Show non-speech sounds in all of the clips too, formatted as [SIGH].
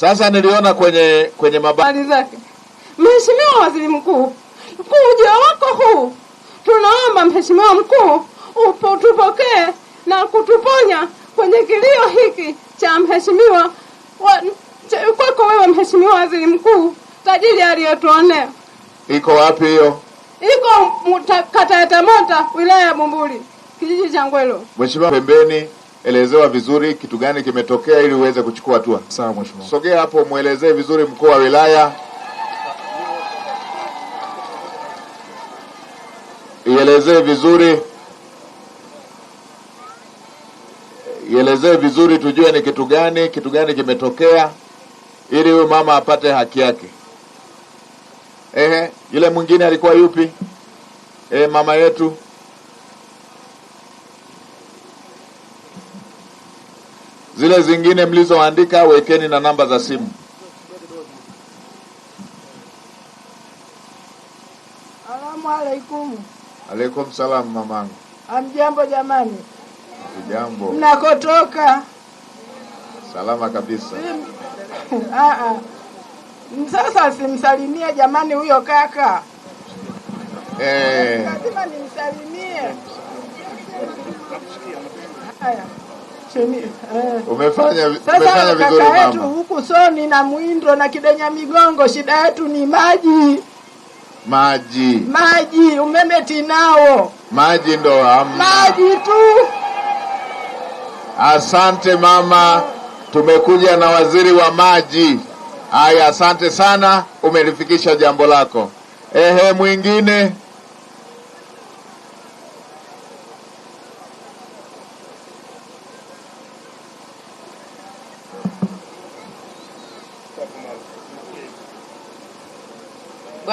Sasa niliona kwenye kwenye mabali zake, Mheshimiwa Waziri Mkuu, kuja wako huu tunaomba Mheshimiwa Mkuu upo tupokee na kutuponya kwenye kilio hiki cha mheshimiwa kwako wewe Mheshimiwa Waziri Mkuu, tajiri aliyotuonea. Iko wapi hiyo? Iko kata ya Tamota, wilaya ya Bumbuli, kijiji cha Ngwelo. Mheshimiwa pembeni elezewa vizuri kitu gani kimetokea ili uweze kuchukua hatua. Sawa mheshimiwa. Sogea hapo, mwelezee vizuri mkuu wa wilaya, ielezee vizuri ielezee vizuri, tujue ni kitu gani kitu gani kimetokea ili huyu mama apate haki yake. Ehe, yule mwingine alikuwa yupi? E, mama yetu Zile zingine mlizoandika wekeni na namba za simu. Salamu alaikum. Alaikum salam mamangu. Amjambo jamani? Jambo. Mnakotoka? Salama kabisa. [LAUGHS] Ah, ah. Sasa simsalimie jamani huyo kaka. Hey. Eh. Lazima nimsalimie. Haya. Eh. umefanya umefanya vizuri kaka huku Soni na Mwindo na Kidenya Migongo, shida yetu ni maji maji maji, umeme tinao, maji ndo hamna, maji tu. Asante mama, tumekuja na waziri wa maji. aya asante sana, umelifikisha jambo lako. Ehe, mwingine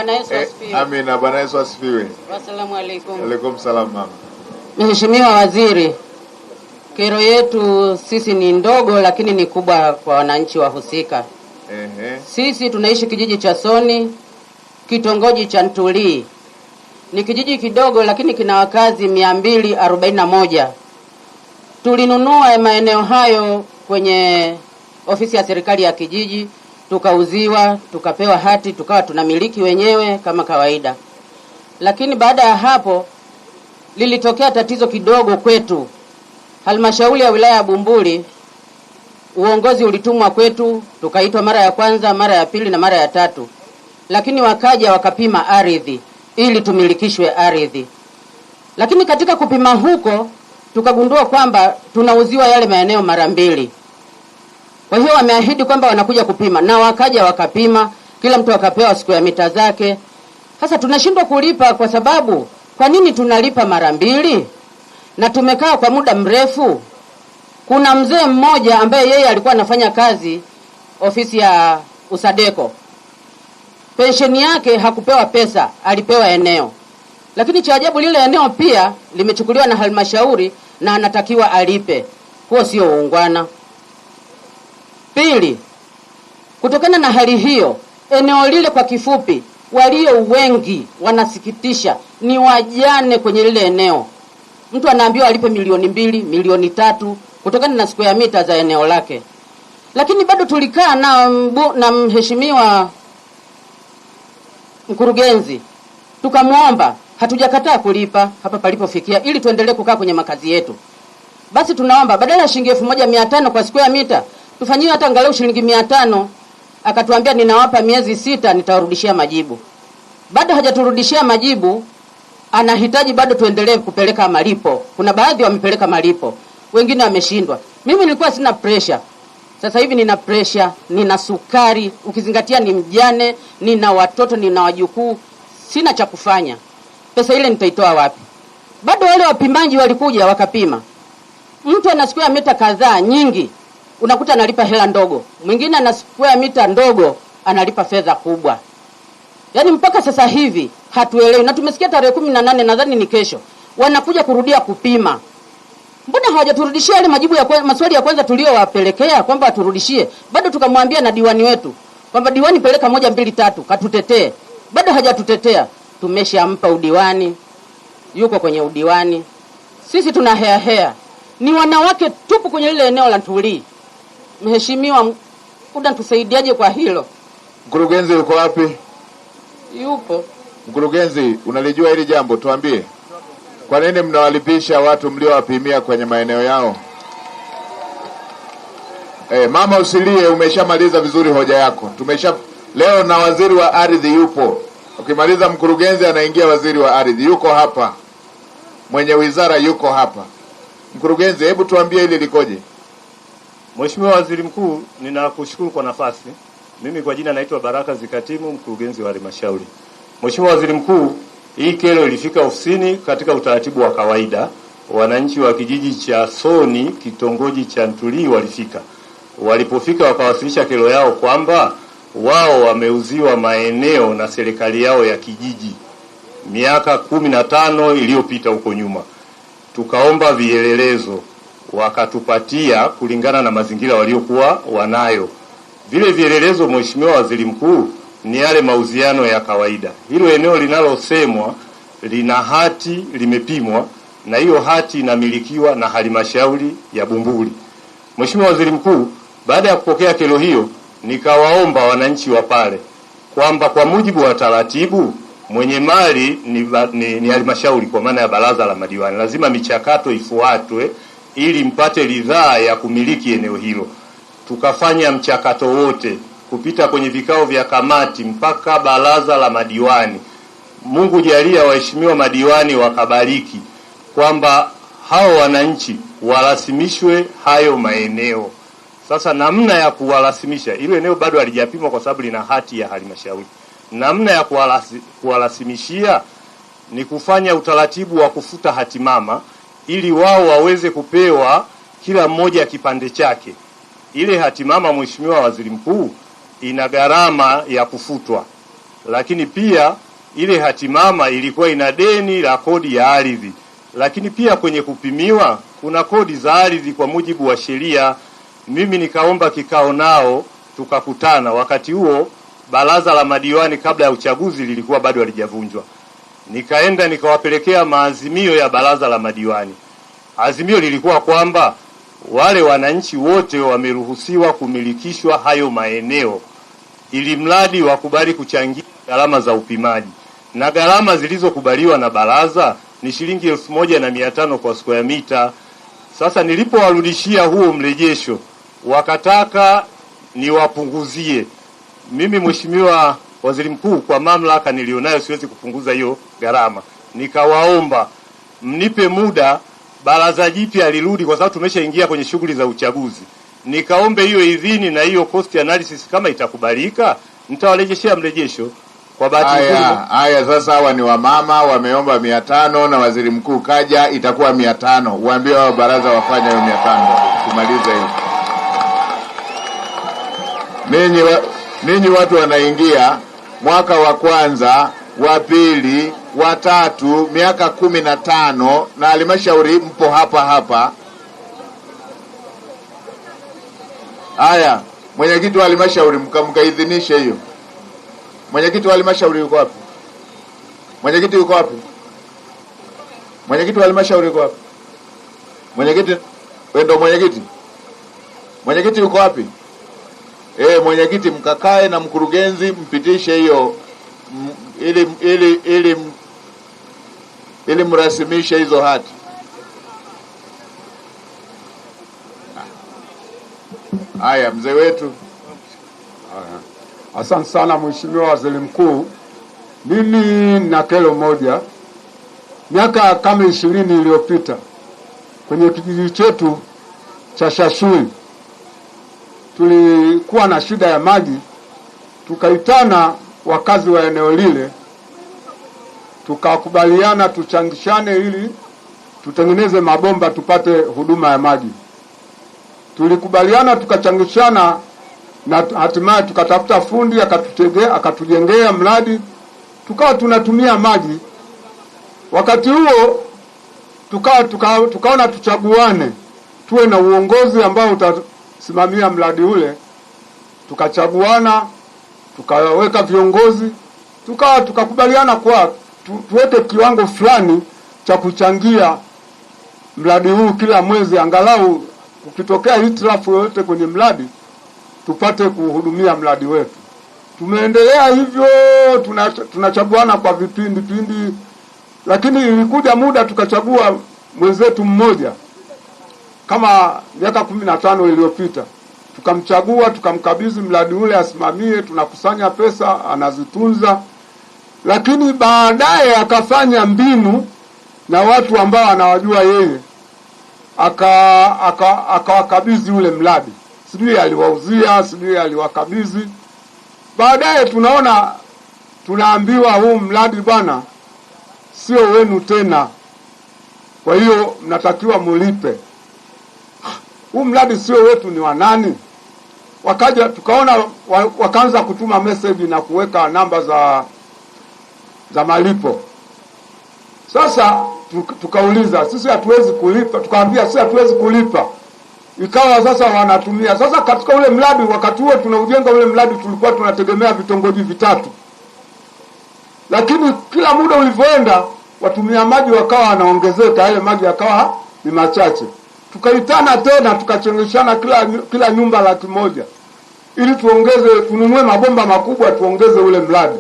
Eh, amina, Bwana Yesu asifiwe. Asalamu alaykum. Alaykum salam mama. Mheshimiwa Waziri, kero yetu sisi ni ndogo lakini ni kubwa kwa wananchi wahusika. Ehe. Sisi tunaishi kijiji cha Soni, kitongoji cha Ntulii. Ni kijiji kidogo lakini kina wakazi 241. Tulinunua maeneo hayo kwenye ofisi ya serikali ya kijiji tukauziwa, tukapewa hati, tukawa tunamiliki wenyewe kama kawaida. Lakini baada ya hapo lilitokea tatizo kidogo kwetu. Halmashauri ya wilaya ya Bumbuli, uongozi ulitumwa kwetu, tukaitwa mara ya kwanza, mara ya pili na mara ya tatu, lakini wakaja wakapima ardhi ili tumilikishwe ardhi. Lakini katika kupima huko tukagundua kwamba tunauziwa yale maeneo mara mbili. Kwa hiyo wameahidi kwamba wanakuja kupima na wakaja wakapima, kila mtu akapewa siku ya mita zake. Sasa tunashindwa kulipa kwa sababu, kwa nini tunalipa mara mbili na tumekaa kwa muda mrefu? Kuna mzee mmoja ambaye yeye alikuwa anafanya kazi ofisi ya Usadeko, pensheni yake hakupewa pesa, alipewa eneo, lakini cha ajabu lile eneo pia limechukuliwa na halmashauri na anatakiwa alipe. Huo sio uungwana. Pili, kutokana na hali hiyo, eneo lile kwa kifupi, walio wengi wanasikitisha ni wajane kwenye lile eneo. Mtu anaambiwa alipe milioni mbili, milioni tatu kutokana na siku ya mita za eneo lake. Lakini bado tulikaa na, na mheshimiwa mkurugenzi tukamwomba, hatujakataa kulipa hapa palipofikia, ili tuendelee kukaa kwenye makazi yetu. Basi tunaomba badala ya shilingi elfu moja mia tano kwa siku ya mita tufanyiwe hata angalau shilingi mia tano. Akatuambia ninawapa miezi sita, nitawarudishia majibu. Bado hajaturudishia majibu, anahitaji bado tuendelee kupeleka malipo. Kuna baadhi wamepeleka malipo, wengine wameshindwa. Mimi nilikuwa sina pressure, sasa hivi nina pressure, nina sukari, ukizingatia ni mjane, nina watoto, nina wajukuu, sina cha kufanya. Pesa ile nitaitoa wapi? Bado wale wapimaji walikuja wakapima, mtu ana siku ya mita kadhaa nyingi unakuta analipa hela ndogo, mwingine ana square mita ndogo analipa fedha kubwa. Yaani mpaka sasa hivi hatuelewi, na tumesikia tarehe kumi na nane nadhani ni kesho wanakuja kurudia kupima. Mbona hawajaturudishia yale majibu ya kwa, maswali ya kwanza tuliyowapelekea kwamba waturudishie? Bado tukamwambia na diwani wetu kwamba diwani, peleka moja mbili tatu katutetee, bado hajatutetea. Tumeshampa udiwani, yuko kwenye udiwani. Sisi tuna hea hea, ni wanawake tupu kwenye lile eneo la Ntulii. Mheshimiwa kuda tusaidiaje kwa hilo? Mkurugenzi yuko wapi? Yupo. Mkurugenzi, unalijua hili jambo, tuambie kwa nini mnawalipisha watu mliowapimia kwenye maeneo yao? E, mama usilie, umeshamaliza vizuri hoja yako. Tumesha leo na waziri wa ardhi yupo. Ukimaliza mkurugenzi, anaingia waziri wa ardhi, yuko hapa, mwenye wizara yuko hapa. Mkurugenzi, hebu tuambie hili likoje? Mheshimiwa Waziri Mkuu, ninakushukuru kwa nafasi. Mimi kwa jina naitwa Baraka Zikatimu, mkurugenzi wa halmashauri. Mheshimiwa Waziri Mkuu, hii kero ilifika ofisini katika utaratibu wa kawaida. Wananchi wa kijiji cha Soni, kitongoji cha Ntulii walifika. Walipofika wakawasilisha kero yao kwamba wao wameuziwa maeneo na serikali yao ya kijiji miaka kumi na tano iliyopita huko nyuma. Tukaomba vielelezo wakatupatia kulingana na mazingira waliokuwa wanayo. Vile vielelezo, Mheshimiwa Waziri Mkuu, ni yale mauziano ya kawaida. Hilo eneo linalosemwa lina hati, limepimwa na hiyo hati inamilikiwa na halmashauri ya Bumbuli. Mheshimiwa Waziri Mkuu, baada ya kupokea kero hiyo, nikawaomba wananchi wa pale kwamba kwa mujibu wa taratibu mwenye mali ni, ni, ni halmashauri kwa maana ya baraza la madiwani, lazima michakato ifuatwe ili mpate ridhaa ya kumiliki eneo hilo. Tukafanya mchakato wote kupita kwenye vikao vya kamati mpaka baraza la madiwani. Mungu jalia waheshimiwa madiwani wakabariki kwamba hao wananchi warasimishwe hayo maeneo. Sasa namna ya kuwarasimisha, ile eneo bado halijapimwa kwa sababu lina hati ya halmashauri. Namna ya kuwarasimishia ni kufanya utaratibu wa kufuta hati mama ili wao waweze kupewa kila mmoja kipande chake. Ile hatimama, Mheshimiwa Waziri Mkuu, ina gharama ya kufutwa, lakini pia ile hatimama ilikuwa ina deni la kodi ya ardhi, lakini pia kwenye kupimiwa kuna kodi za ardhi kwa mujibu wa sheria. Mimi nikaomba kikao nao tukakutana. Wakati huo baraza la madiwani kabla ya uchaguzi lilikuwa bado halijavunjwa nikaenda nikawapelekea maazimio ya baraza la madiwani. Azimio lilikuwa kwamba wale wananchi wote wameruhusiwa kumilikishwa hayo maeneo, ili mradi wakubali kuchangia gharama za upimaji, na gharama zilizokubaliwa na baraza ni shilingi elfu moja na mia tano kwa square mita. Sasa nilipowarudishia huo mrejesho, wakataka niwapunguzie. Mimi mheshimiwa Waziri Mkuu, kwa mamlaka nilionayo siwezi kupunguza hiyo gharama. Nikawaomba mnipe muda baraza jipya lirudi, kwa sababu tumeshaingia kwenye shughuli za uchaguzi. Nikaombe hiyo idhini na hiyo cost analysis, kama itakubalika nitawarejeshea mrejesho. Kwa bahati nzuri haya sasa, hawa ni wamama wameomba mia tano na waziri mkuu kaja, itakuwa mia tano. Uambie wao baraza wafanye hiyo mia tano tumalize hiyo. Ninyi watu wanaingia mwaka wa kwanza, wa pili, wa tatu, miaka kumi na tano na halmashauri mpo hapa hapa. Haya, mwenyekiti wa halmashauri mkamkaidhinishe hiyo. Mwenyekiti wa halmashauri yuko wapi? Mwenyekiti yuko wapi? Mwenyekiti wa halmashauri yuko wapi? Mwenyekiti, wendo, mwenyekiti? Mwenyekiti yuko wapi? e, mwenyekiti mkakae na mkurugenzi mpitishe hiyo ili, ili, ili, ili mrasimishe hizo hati. Haya, mzee wetu. Asante sana Mheshimiwa Waziri Mkuu, mimi na kero moja. Miaka kama ishirini iliyopita kwenye kijiji chetu cha Shashui tulikuwa na shida ya maji, tukaitana wakazi wa eneo lile, tukakubaliana tuchangishane ili tutengeneze mabomba tupate huduma ya maji. Tulikubaliana tukachangishana, na hatimaye tukatafuta fundi akatujengea mradi, tukawa tunatumia maji. Wakati huo tukawa tukaona tuchaguane, tuwe na uongozi ambao uta kusimamia mradi ule, tukachaguana, tukaweka viongozi, tukawa tukakubaliana kwa tu, tuweke kiwango fulani cha kuchangia mradi huu kila mwezi, angalau ukitokea hitilafu yoyote kwenye mradi tupate kuhudumia mradi wetu. Tumeendelea hivyo, tunachaguana kwa vipindi pindi, lakini ilikuja muda tukachagua mwenzetu mmoja kama miaka kumi na tano iliyopita tukamchagua tukamkabidhi mradi ule asimamie, tunakusanya pesa, anazitunza, lakini baadaye akafanya mbinu na watu ambao anawajua yeye, akawakabidhi aka, aka ule mradi, sijui aliwauzia, sijui aliwakabidhi. Baadaye tunaona tunaambiwa huu mradi bwana sio wenu tena, kwa hiyo mnatakiwa mulipe huu mradi sio wetu, ni wanani Wakaja tukaona wakaanza kutuma message na kuweka namba za za malipo. Sasa tukauliza sisi hatuwezi kulipa, tukaambia sisi hatuwezi kulipa. Ikawa sasa wanatumia sasa katika ule mradi, wakati huo tunaujenga ule mradi tulikuwa tunategemea vitongoji vitatu, lakini kila muda ulivyoenda, watumia maji wakawa wanaongezeka, yale maji yakawa ni machache tukaitana tena tukachengeshana kila kila nyumba laki moja ili tuongeze tununue mabomba makubwa tuongeze ule mradi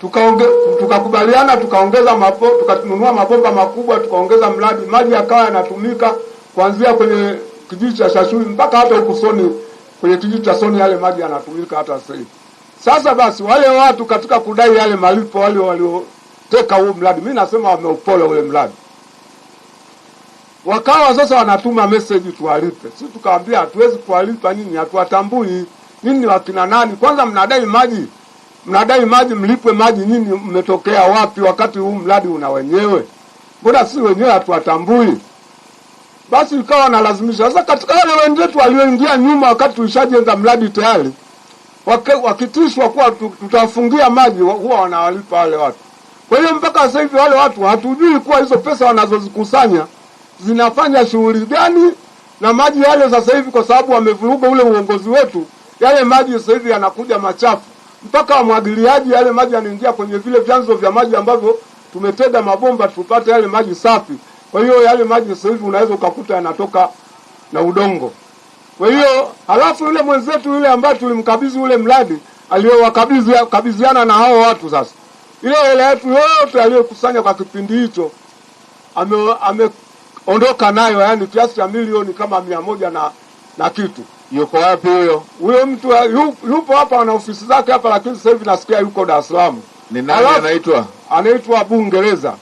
tukaonge, tukakubaliana tukaongeza mapo, tukanunua mabomba makubwa tukaongeza mradi, maji yakawa yanatumika kuanzia kwenye kijiji cha Shashui mpaka hata huku Soni, kwenye kijiji cha Soni yale maji yanatumika hata sasa hivi. Sasa basi wale watu katika kudai yale malipo wale walioteka huo mradi, mimi nasema wameopola ule mradi. Wakawa sasa wanatuma message tuwalipe. Sisi tukaambia hatuwezi kuwalipa nyinyi, hatuwatambui nyinyi wakina nani. Kwanza mnadai maji, mnadai maji, mlipwe maji. Nyinyi mmetokea wapi wakati huu mradi una wenyewe? Mbona sisi wenyewe hatuwatambui? Basi ikawa wanalazimisha sasa. Katika wale wenzetu walioingia nyuma, wakati tulishajenga mradi tayari, wakitishwa kuwa tutafungia maji, huwa wanawalipa wale watu. Kwa hiyo mpaka sasa hivi wale watu hatujui kuwa hizo pesa wanazozikusanya zinafanya shughuli gani, na maji yale sasa hivi, kwa sababu wamevuruga ule uongozi wetu, yale maji sasa hivi yanakuja machafu mpaka wamwagiliaji, yale maji yanaingia kwenye vile vyanzo vya maji ambavyo tumetega mabomba tupate yale maji safi. Kwa hiyo yale maji sasa hivi unaweza ukakuta yanatoka na udongo. Kwa hiyo halafu yule mwenzetu yule ambaye tulimkabidhi ule mradi aliyowakabidhiana na hao watu sasa, ile hela yetu yote aliyokusanya kwa kipindi hicho ame, ame ondoka nayo, yani kiasi cha milioni kama mia moja na, na kitu. Yuko wapi huyo? Huyo mtu eh, yupo hapa na ofisi zake hapa, lakini sasa hivi nasikia yuko Dar es Salaam. Ni nani anaitwa? Anaitwa Bungereza.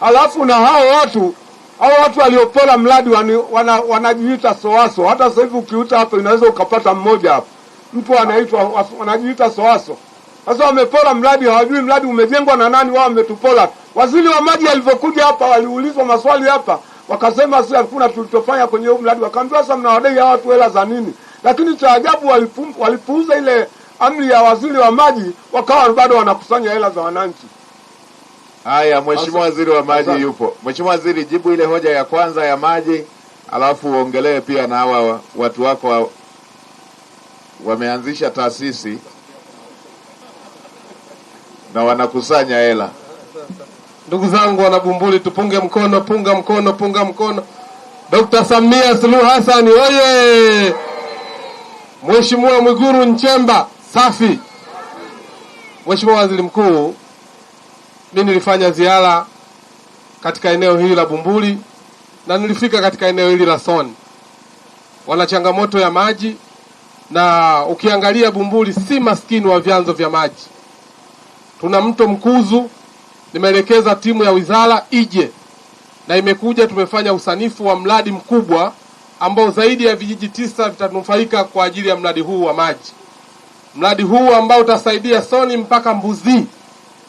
Halafu na hao watu hao watu waliopora mradi wana, wanajiita soaso. Hata sasa hivi ukiuta hapo inaweza ukapata mmoja hapo, mtu anaitwa wanajiita soaso. Sasa wamepora mradi, hawajui mradi umejengwa na nani. Wao wametupora. Waziri wa maji alivyokuja hapa, waliulizwa maswali hapa wakasema si hakuna tulichofanya kwenye huu mradi. Wakaambiwa sasa mnawadai hawa watu hela za nini? Lakini cha ajabu walipuuza ile amri ya waziri wa maji, wakawa bado wanakusanya hela za wananchi. Haya, mheshimiwa waziri wa maji yupo. Mheshimiwa waziri, jibu ile hoja ya kwanza ya maji, alafu uongelee pia na hawa watu wako wameanzisha taasisi na wanakusanya hela. Ndugu zangu wanabumbuli, tupunge mkono, punga mkono, punga mkono. Dkt. Samia Suluhu Hassan oye! Mheshimiwa Mwiguru Nchemba safi. Mheshimiwa Waziri Mkuu, mimi nilifanya ziara katika eneo hili la Bumbuli na nilifika katika eneo hili la Soni. Wana changamoto ya maji na ukiangalia Bumbuli si maskini wa vyanzo vya maji. Tuna mto Mkuzu nimeelekeza timu ya wizara ije na imekuja. Tumefanya usanifu wa mradi mkubwa ambao zaidi ya vijiji tisa vitanufaika kwa ajili ya mradi huu wa maji, mradi huu ambao utasaidia Soni mpaka Mbuzi.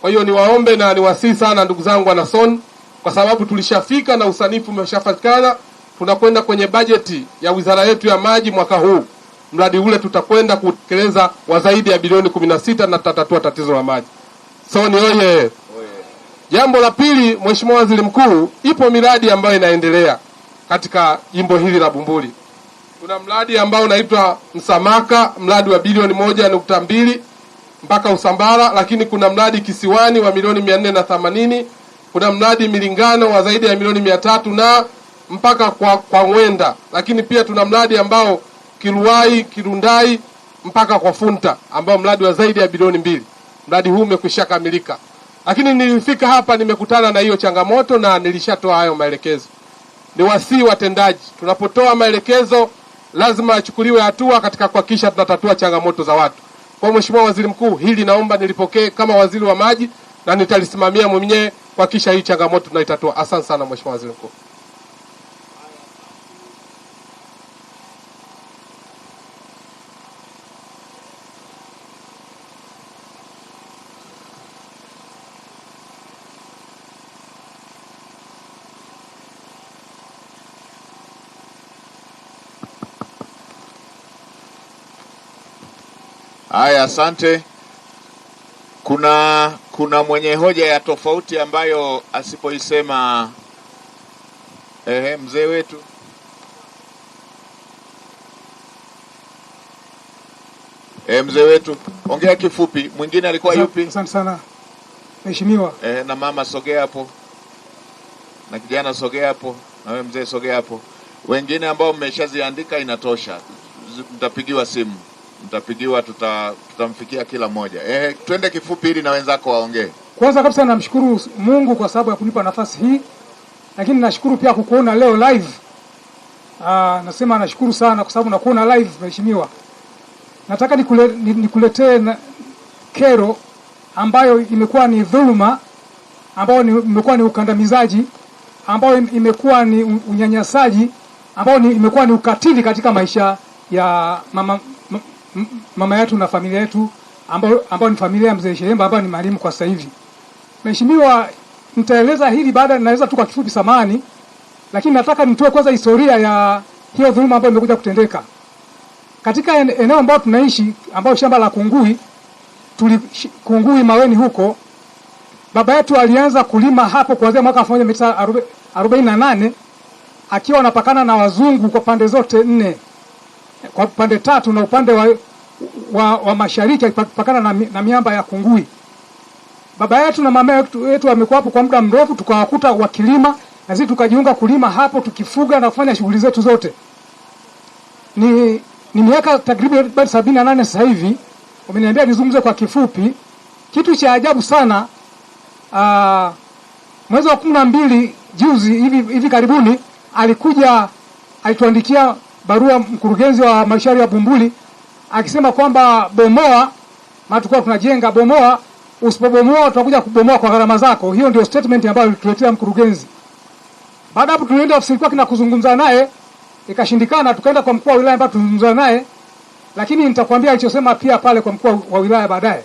Kwa hiyo niwaombe na niwasihi sana ndugu zangu wana Soni, kwa sababu tulishafika na usanifu umeshafanyikana, Tunakwenda kwenye bajeti ya wizara yetu ya maji mwaka huu, mradi ule tutakwenda kutekeleza wa zaidi ya bilioni 16 na tutatatua tatizo la maji Soni oye! Jambo la pili, Mheshimiwa Waziri Mkuu, ipo miradi ambayo inaendelea katika jimbo hili la Bumbuli. Kuna mradi ambao unaitwa Msamaka, mradi wa bilioni moja nukta mbili mpaka Usambara, lakini kuna mradi Kisiwani wa milioni mia nne na themanini kuna mradi Milingano wa zaidi ya milioni mia tatu na mpaka kwa, kwa Ngwenda, lakini pia tuna mradi ambao Kiruai Kirundai mpaka kwa Funta ambao mradi wa zaidi ya bilioni mbili. Mradi huu umekwisha kamilika. Lakini nilifika hapa nimekutana na hiyo changamoto na nilishatoa hayo maelekezo. Ni wasii watendaji, tunapotoa maelekezo lazima achukuliwe hatua katika kuhakikisha tunatatua changamoto za watu. Kwa Mheshimiwa Waziri Mkuu, hili naomba nilipokee kama waziri wa maji na nitalisimamia mwenyewe kuhakikisha hii changamoto tunaitatua. Asante sana Mheshimiwa Waziri Mkuu. Haya, asante. Kuna kuna mwenye hoja ya tofauti ambayo asipoisema ehe, mzee wetu E, mzee wetu ongea kifupi. Mwingine alikuwa yupi? Asante sana mheshimiwa. Eh, na mama sogea hapo, na kijana sogea hapo, na wewe mzee sogea hapo. Wengine ambao mmeshaziandika inatosha, mtapigiwa simu tutapigiwa, tuta, tutamfikia kila mmoja. Eh, twende kifupi ili na wenzako waongee. Kwanza kabisa namshukuru Mungu kwa sababu ya kunipa nafasi hii, lakini nashukuru pia kukuona leo live. Aa, ah, nasema nashukuru sana kwa sababu nakuona live mheshimiwa. Nataka nikule, nikuletee kero ambayo imekuwa ni dhuluma, ambayo imekuwa ni ukandamizaji, ambayo imekuwa ni unyanyasaji, ambayo imekuwa ni ukatili katika maisha ya mama mama yetu na familia yetu ambayo, ambayo ni familia ya mzee Shelemba ambayo ni mwalimu kwa sasa hivi. Mheshimiwa, nitaeleza hili baada, naweza tu kwa kifupi samani, lakini nataka nitoe kwanza historia ya hiyo dhuluma ambayo imekuja kutendeka katika eneo ambayo tunaishi ambayo shamba la Kungui tuli Kungui Maweni huko, baba yetu alianza kulima hapo kuanzia mwaka 1948 akiwa anapakana na wazungu kwa pande zote nne, kwa pande tatu na upande wa wa, wa mashariki akipakana na, na miamba ya Kungui. Baba yetu na mama yetu, wamekuwa hapo kwa muda mrefu, tukawakuta wakilima na sisi tukajiunga kulima hapo tukifuga na kufanya shughuli zetu zote. Ni ni miaka takriban sabini na nane sasa hivi. Umeniambia nizungumze kwa kifupi. Kitu cha ajabu sana ah, mwezi wa kumi na mbili juzi hivi hivi karibuni alikuja alituandikia barua mkurugenzi wa halmashauri ya Bumbuli akisema kwamba bomoa, maana tunajenga, bomoa, usipobomoa tutakuja kubomoa kwa gharama zako. Hiyo ndio statement ambayo ilituletea mkurugenzi. Baada hapo tulienda ofisini kwake na kuzungumza naye, ikashindikana, tukaenda kwa mkuu wa wilaya ambaye tulizungumza naye, lakini nitakwambia alichosema pia pale kwa mkuu wa wilaya baadaye.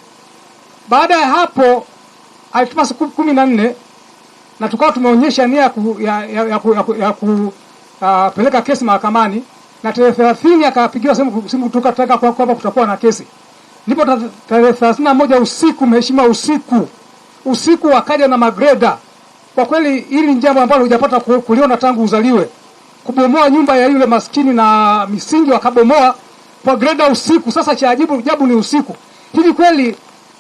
Baada ya hapo alituma siku kumi na nne na tukawa tumeonyesha nia ya kupeleka kesi mahakamani na tarehe thelathini akapigiwa simu kutoka taka kwa kwamba kutakuwa na kesi. Ndipo tarehe moja usiku, mheshimiwa, usiku usiku wakaja na magreda. Kwa kweli hili ni jambo ambalo hujapata kuliona tangu uzaliwe, kubomoa nyumba ya yule maskini na misingi wakabomoa kwa greda usiku. Sasa cha ajabu jabu ni usiku hivi kweli.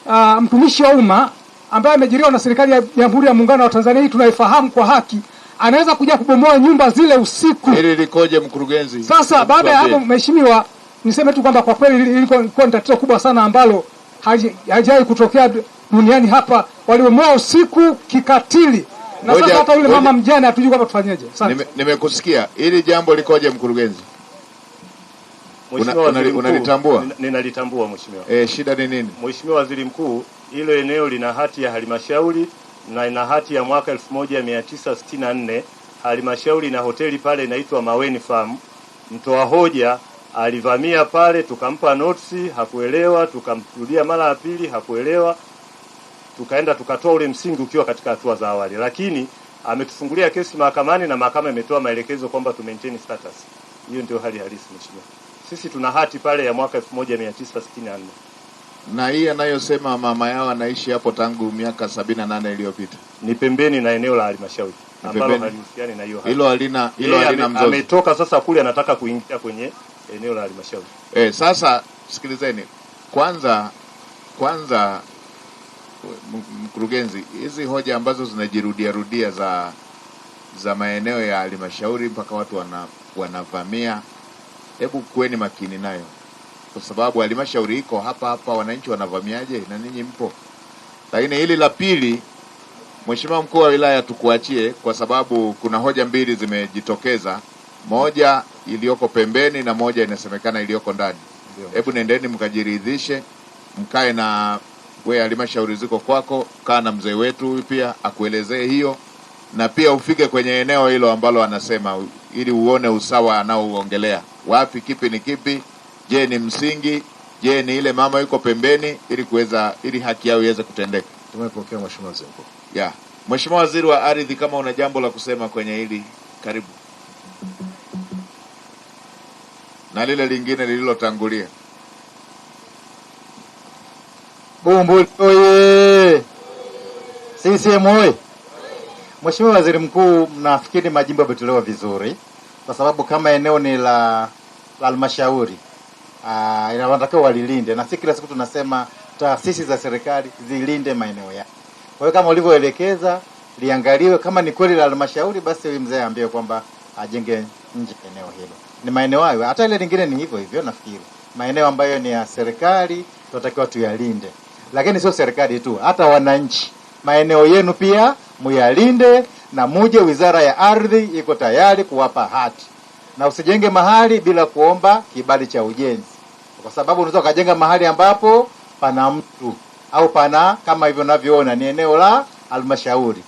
Uh, mtumishi wa umma ambaye ameajiriwa na serikali ya Jamhuri ya Muungano wa Tanzania hii tunaifahamu kwa haki anaweza kuja kubomoa nyumba zile usiku. Hili likoje mkurugenzi? Sasa baada ya hapo, mheshimiwa, niseme tu kwamba kwa kweli ilikuwa ni tatizo kubwa sana ambalo hajawahi kutokea duniani hapa, walibomoa usiku kikatili na sasa hata yule mama mjane hatujui kwamba tufanyeje. Asante. Nimekusikia. Nime hili jambo likoje mkurugenzi? Unalitambua? ninalitambua mheshimiwa. Eh, shida ni nini? Mheshimiwa Waziri Mkuu, ilo eneo lina hati ya halmashauri na ina hati ya mwaka 1964. Halmashauri na hoteli pale inaitwa Maweni Farm. Mtoa hoja alivamia pale, tukampa notisi, hakuelewa. Tukamrudia mara ya pili, hakuelewa. Tukaenda tukatoa ule msingi ukiwa katika hatua za awali, lakini ametufungulia kesi mahakamani na mahakama imetoa maelekezo kwamba tu maintain status. Hiyo ndio hali halisi mheshimiwa. Sisi tuna hati pale ya mwaka 1964 na hii anayosema mama yao anaishi hapo tangu miaka sabini na nane iliyopita ni pembeni na eneo la halmashauri ambalo halihusiani na hiyo hilo halina hilo halina mzozo. Ametoka sasa kule anataka kuingia kwenye eneo la halmashauri. E, sasa sikilizeni kwanza kwanza mkurugenzi, hizi hoja ambazo zinajirudia rudia za za maeneo ya halmashauri mpaka watu wana, wanavamia, hebu kuweni makini nayo kwa sababu halmashauri iko hapa hapa, wananchi wanavamiaje na ninyi mpo? Lakini hili la pili, Mheshimiwa mkuu wa wilaya, tukuachie kwa sababu kuna hoja mbili zimejitokeza, moja iliyoko pembeni na moja inasemekana iliyoko ndani. Hebu nendeni mkajiridhishe, mkae na we, halmashauri ziko kwako, kaa na mzee wetu pia akuelezee hiyo, na pia ufike kwenye eneo hilo ambalo anasema, ili uone usawa anaouongelea wapi, kipi ni kipi Je, ni msingi? Je, ni ile mama yuko pembeni, ili kuweza ili haki yao iweze kutendeka. Tumepokea mheshimiwa waziri mkuu. Yeah. Mheshimiwa Waziri wa Ardhi, kama una jambo la kusema kwenye hili karibu, na lile lingine lililotangulia. Bumbuli oye! oye! Mheshimiwa Waziri Mkuu, nafikiri majimbo yametolewa vizuri, kwa sababu kama eneo ni la halmashauri uh, ah, inawatakiwa walilinde, na si kila siku tunasema taasisi za serikali zilinde maeneo yao. Kwa hiyo kama ulivyoelekeza, liangaliwe kama ni kweli la halmashauri, basi huyu mzee aambiwe kwamba ajenge nje eneo hilo. Ni maeneo hayo, hata ile lingine ni hivyo hivyo. Nafikiri maeneo ambayo ni ya serikali tunatakiwa tuyalinde, lakini sio serikali tu, hata wananchi, maeneo yenu pia muyalinde, na muje, wizara ya ardhi iko tayari kuwapa hati na usijenge mahali bila kuomba kibali cha ujenzi, kwa sababu unaweza ukajenga mahali ambapo pana mtu au pana kama hivyo unavyoona ni eneo la halmashauri.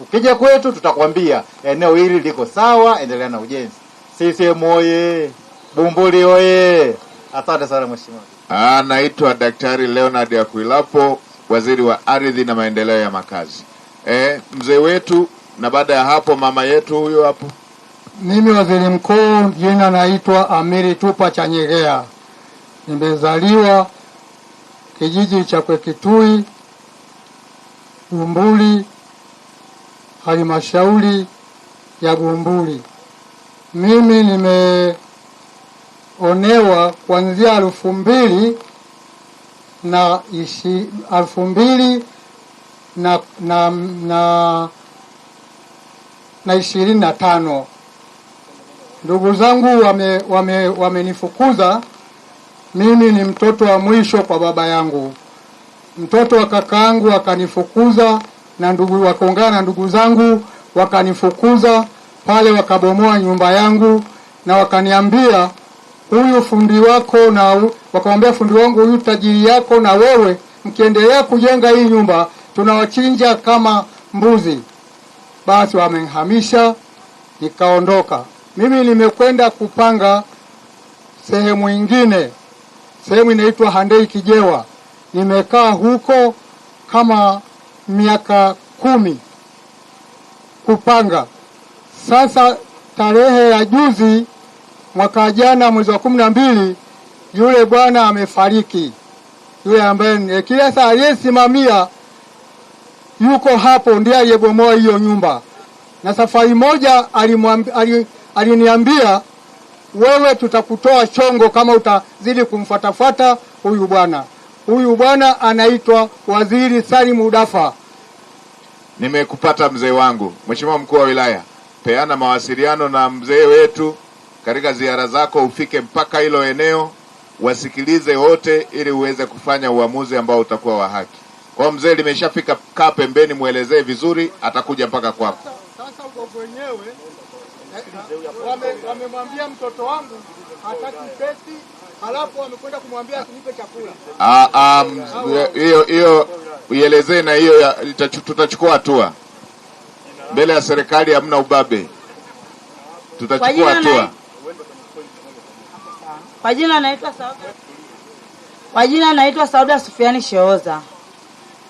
Ukija kwetu, tutakwambia eneo hili liko sawa, endelea na ujenzi. CCM oye! Bumbuli oye! Asante sana mheshimiwa. Ah, naitwa Daktari Leonard Akwilapo, waziri wa ardhi na maendeleo ya makazi. E, mzee wetu, na baada ya hapo mama yetu huyo hapo mimi waziri mkuu, jina naitwa Amiri Tupa Chanyegea. Nimezaliwa kijiji cha Kwekitui Gumbuli, halmashauri ya Gumbuli. Mimi nimeonewa kuanzia elfu mbili na ishi elfu mbili na, na, na, na ishirini na tano ndugu zangu wamenifukuza, wame, wame mimi ni mtoto wa mwisho kwa baba yangu, mtoto wa kakaangu akanifukuza na ndugu wakaungana na ndugu zangu wakanifukuza pale, wakabomoa nyumba yangu na wakaniambia huyu fundi wako na wakamwambia fundi wangu huyu tajiri yako na wewe mkiendelea kujenga hii nyumba tunawachinja kama mbuzi. Basi wamenhamisha nikaondoka. Mimi nimekwenda kupanga sehemu ingine, sehemu inaitwa Handei Kijewa. Nimekaa huko kama miaka kumi kupanga. Sasa tarehe ya juzi mwaka jana mwezi wa kumi na mbili yule bwana amefariki, yule ambaye kila saa aliyesimamia yuko hapo, ndiye aliyebomoa hiyo nyumba, na safari moja alimwambia aliniambia, wewe tutakutoa chongo kama utazidi kumfuatafuata huyu bwana. Huyu bwana anaitwa Waziri Salim Udafa. Nimekupata mzee wangu. Mheshimiwa mkuu wa wilaya, peana mawasiliano na mzee wetu katika ziara zako, ufike mpaka hilo eneo, wasikilize wote, ili uweze kufanya uamuzi ambao utakuwa wa haki. Kwa mzee limeshafika, kaa pembeni, mwelezee vizuri, atakuja mpaka kwako. Sasa sasa wamemwambia wame mtoto wangu hataki pesi, halafu wamekwenda kumwambia asinipe chakula. Ah, ah, hiyo hiyo ielezee, na hiyo tutachukua hatua mbele ya serikali. Hamna ubabe, tutachukua hatua. Kwa jina naitwa Sauda, kwa jina naitwa Sauda Sufiani Sheoza.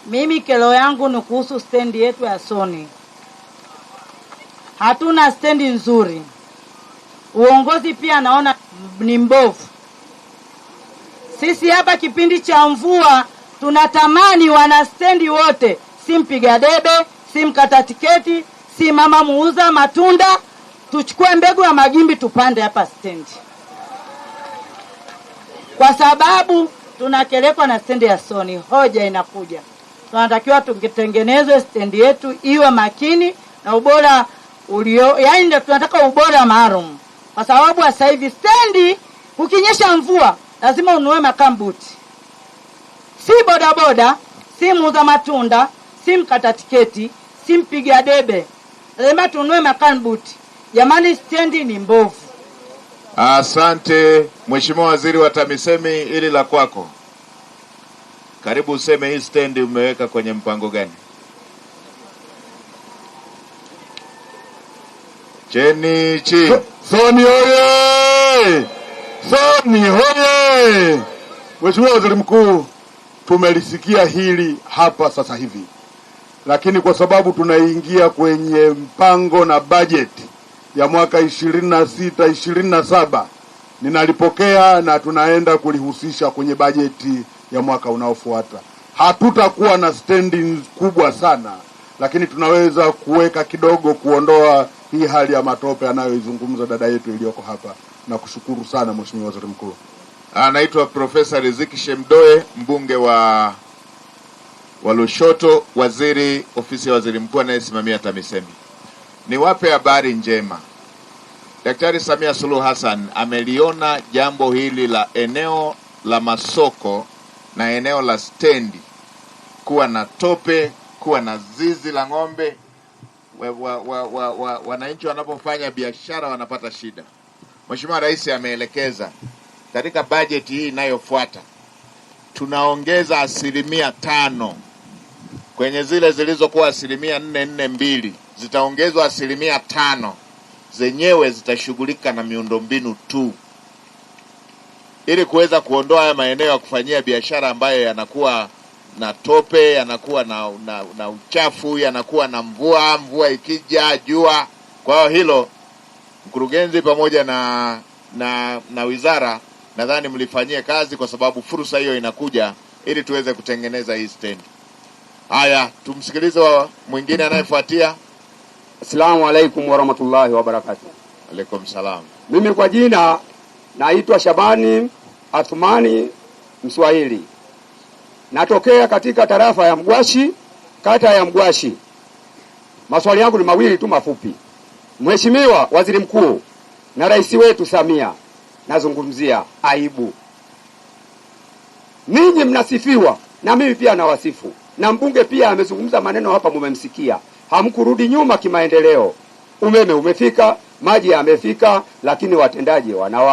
Mimi kero yangu ni kuhusu stendi yetu ya Soni hatuna stendi nzuri, uongozi pia naona ni mbovu. Sisi hapa kipindi cha mvua tunatamani wana stendi wote, si mpiga debe, si mkata tiketi, si mama muuza matunda, tuchukue mbegu ya magimbi tupande hapa stendi, kwa sababu tunakelekwa na stendi ya Soni. Hoja inakuja, tunatakiwa tungetengenezwe stendi yetu iwe makini na ubora ulio yani, ndio tunataka ubora maalum, kwa sababu sasa hivi stendi ukinyesha mvua lazima ununue makambuti, si bodaboda, si muuza matunda, si mkata tiketi, si mpiga debe, lazima tununue makambuti. Jamani, stendi ni mbovu. Asante Mheshimiwa Waziri wa TAMISEMI, ili la kwako. Karibu useme hii stendi umeweka kwenye mpango gani? Cheni chini. Soni hoye! Soni hoye! Mheshimiwa Waziri Mkuu, tumelisikia hili hapa sasa hivi, lakini kwa sababu tunaingia kwenye mpango na bajeti ya mwaka ishirini na sita ishirini na saba ninalipokea na tunaenda kulihusisha kwenye bajeti ya mwaka unaofuata. Hatutakuwa na standing kubwa sana, lakini tunaweza kuweka kidogo, kuondoa hii hali ya matope anayoizungumza dada yetu iliyoko hapa. Nakushukuru sana Mheshimiwa Waziri Mkuu. Anaitwa Profesa Riziki Shemdoe, mbunge wa lushoto waziri ofisi ya waziri mkuu anayesimamia TAMISEMI. Niwape habari njema, Daktari Samia Suluhu Hassan ameliona jambo hili la eneo la masoko na eneo la stendi kuwa na tope, kuwa na zizi la ng'ombe wananchi wa, wa, wa, wa, wa, wanapofanya biashara wanapata shida. Mheshimiwa Rais ameelekeza katika bajeti hii inayofuata tunaongeza asilimia tano kwenye zile zilizokuwa asilimia nne nne mbili zitaongezwa asilimia tano zenyewe zitashughulika na miundombinu tu ili kuweza kuondoa haya maeneo ya kufanyia biashara ambayo yanakuwa na tope, yanakuwa na, na, na uchafu, yanakuwa na mvua, mvua ikija, jua. Kwa hiyo hilo mkurugenzi pamoja na, na, na wizara nadhani mlifanyie kazi, kwa sababu fursa hiyo inakuja ili tuweze kutengeneza hii stendi. Haya, tumsikilize mwingine anayefuatia. Asalamu alaikum warahmatullahi wabarakatu. Alaykum salam. Mimi kwa jina naitwa Shabani Athumani Mswahili, natokea katika tarafa ya Mgwashi, kata ya Mgwashi. Maswali yangu ni mawili tu mafupi. Mheshimiwa Waziri Mkuu na rais wetu Samia, nazungumzia aibu. Ninyi mnasifiwa na mimi pia nawasifu, na mbunge pia amezungumza maneno hapa, mumemsikia. Hamkurudi nyuma kimaendeleo, umeme umefika, maji yamefika, lakini watendaji wanawa